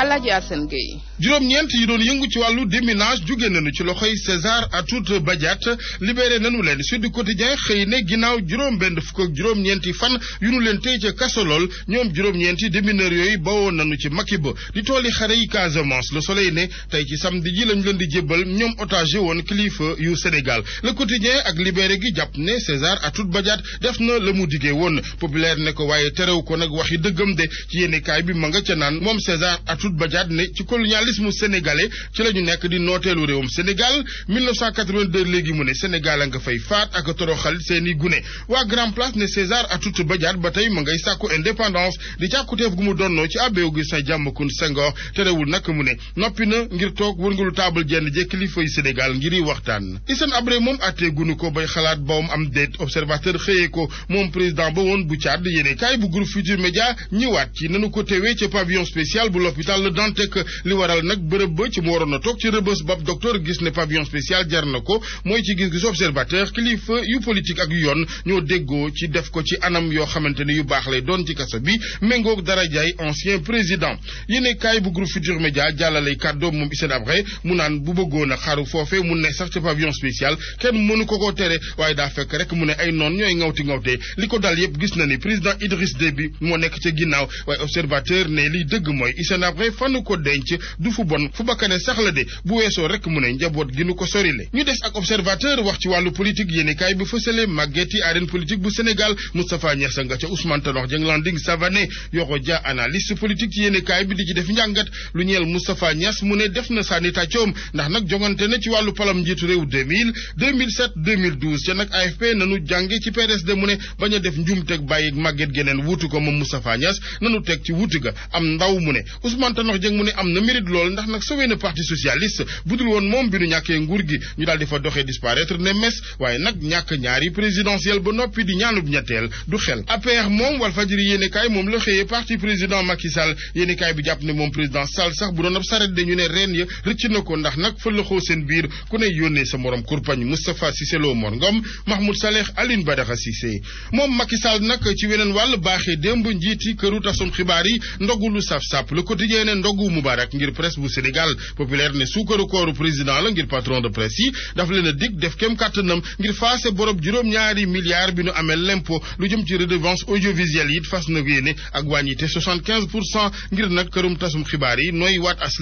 Alaaji Arsène Gueye juróom-ñeent yi doon yëngu ci wàllu déminage jóge nañu ci loxoy César Atoute Badiate libéré nañu leen Sud Quotidien xëy ne ginnaaw juróom-benn fukk ak juróom-ñeenti fan yu nu leen tey ca kaso lool ñoom juróom-ñeenti démineurs yooyu bawoon nañu ci Makiba di tooli xare yi Casamance Le Soleil ne tey ci samedi ji lañu leen di jébbal ñoom otage woon kilifa yu Sénégal Le Quotidien ak libéré gi jàpp ne César Atoute Badiate def na la mu diggee woon populaire ne ko waaye terew ko nag waxi dëggam de ci yéenekaay bi ma nga ca naan Doudou Badiane ne ci colonialisme sénégalais ci la ñu nekk di nooteelu réewum Sénégal 1982 léegi mu ne Sénégal a nga fay faat ak toroxal seeni gune waa Grand Place ne César Atoute Badiane ba tey mu ngay sàkku indépendance di càkkuteef gu mu donnoo ci abbé Augustin Diamacoune Senghor terewul nag mu ne noppi na ngir toog wërngulu taabal jenn je kilifa yi Sénégal ngir yi waxtaan Hissène Habré moom àttee gunu ko ba xalaat bawum am déet observateur xëyee ko moom président ba woon bu Tchad yéene bu groupe Futur Média ñëwaat ci nanu ko teewee ca pavillon spécial bu hôpital Dantec li waral nag bërëb ba ci mu waroon toog ci rëbës bab docteur gis ne pavillon spécial jar na ko mooy ci gis-gisu observateur kilifa yu politique ak yu yoon ñoo déggoo ci def ko ci anam yoo xamante yu baax lay doon ci kaso bi méngoog dara jaay ancien président yéene kaay bu groupe Futur Média jàllale kàddoom moom Hissène Habré mu naan bu bëggoon xaru foofe mu ne sax ci pavillon spécial kenn mënu ko koo tere waaye daa fekk rek mu ne ay noon ñooy ngawti mais fanu ko denc du fu bon fu bakkane sax bu weesoo rek mu ne njaboot gi nu ko sorile ñu des ak observateur wax ci wàllu politique yéenekaay bi fësale màggeeti arène politique bu Sénégal Moustapha Niass nga ca Ousmane Tanor Dieng Landing Savané Yoro Dia analyste politique ci yéenekaay bi di ci def njàngat lu ñeel Moustapha Niass mu ne def na sànni tàccoom ndax nag jongante na ci wàllu palam njiitu réew 2000 2007 2012 ca nag AFP nanu jànge ci PDSD mu ne bañ a def njumteg bàyyi màgget geneen wuutu ko moom Moustapha Niass nanu teg ci wuutu ga am ndaw mu ne Tanor Dieng mu ne am na mérite lool ndax nag sauvé na parti socialiste budul woon moom bi ñàkkee nguur gi ñu daal di fa doxee ne mes waaye nag ñàkk ñaari présidentielle ba noppi di ñaanub ñetteel du xel APR moom Walfadjri yéenekaay moom la xëyee parti président Macky Sall bi jàpp ne moom président sax bu doon ab saret dañu ne reen ya rëcc na ko ndax nag fa laxoo seen biir ku ne yónnee sa morom kurpañ Moustapha Cissé Lo Mor Ngom yéene ne ndogu Moubarak ngir presse bu Sénégal populaire ne suukaru kooru président la ngir patron de presse yi daf leen a pour cent ngir nag kërum tasum xibaar yi nooy waat as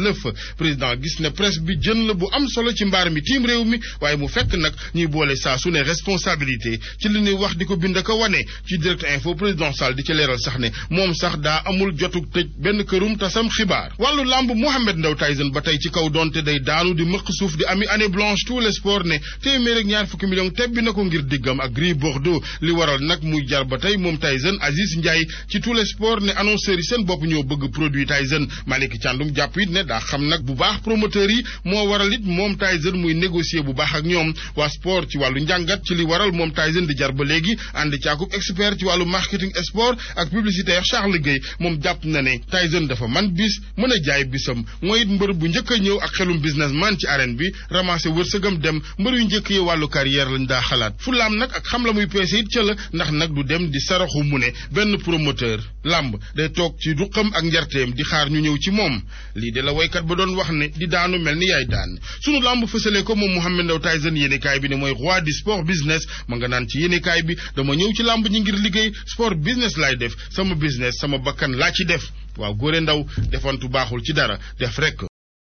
président gis ne presse bi jën la bu am solo ci mbaar mi tiim réew mi waaye mu fekk nag ñuy boole saa su ne responsabilité ci li ñuy wax di ko bind ko wane ci direct info président Sall di ci leeral sax ne moom sax daa amul jotug tëj benn kërum tasam xibaar xibaar wàllu làmb Mohamed Ndao Tyson ba tey ci kaw donte day daanu di mëq suuf di ami année blanche tous les sports ne téeméer ak na ko ngir diggam ak Gris Bordeaux li waral nag muy jar ba tey moom Tyson Aziz Ndiaye ci tous les sports ne annonceurs yi seen bopp ñoo bëgg produit Tyson Malick Thiandoum jàpp it ne daa xam nag bu baax promoteurs yi moo waral it moom Tyson muy négocier bu baax ak ñoom waa sport ci wàllu njàngat ci li waral moom Tyson di jar ba léegi ànd caa expert ci wàllu marketing sport ak publicitaire Charles Gueye moom jàpp na ne Tyson dafa man xaalis mën a jaay bisam mooy it mbër bu njëkk a ñëw ak xelum man ci arène bi ramassé wërsëgam dem mbër yu njëkk yi wàllu carrière lañ daa xalaat fulaam nag ak xam la muy peese it ca la ndax nag du dem di saraxu mu ne benn promoteur làmb day toog ci ruqam ak njarteem di xaar ñu ñëw ci moom lii de la woykat ba doon wax ne di daanu mel ni yaay daan sunu làmb fësale ko moom Mouhamed ndaw Tyson yéenekaay bi ne mooy roi du sport business ma nga naan ci yéenekaay bi dama ñëw ci làmb ñi ngir liggéey sport business laay def sama business sama bakkan laa ci def waaw góore ndaw defantu baaxul ci dara def rekk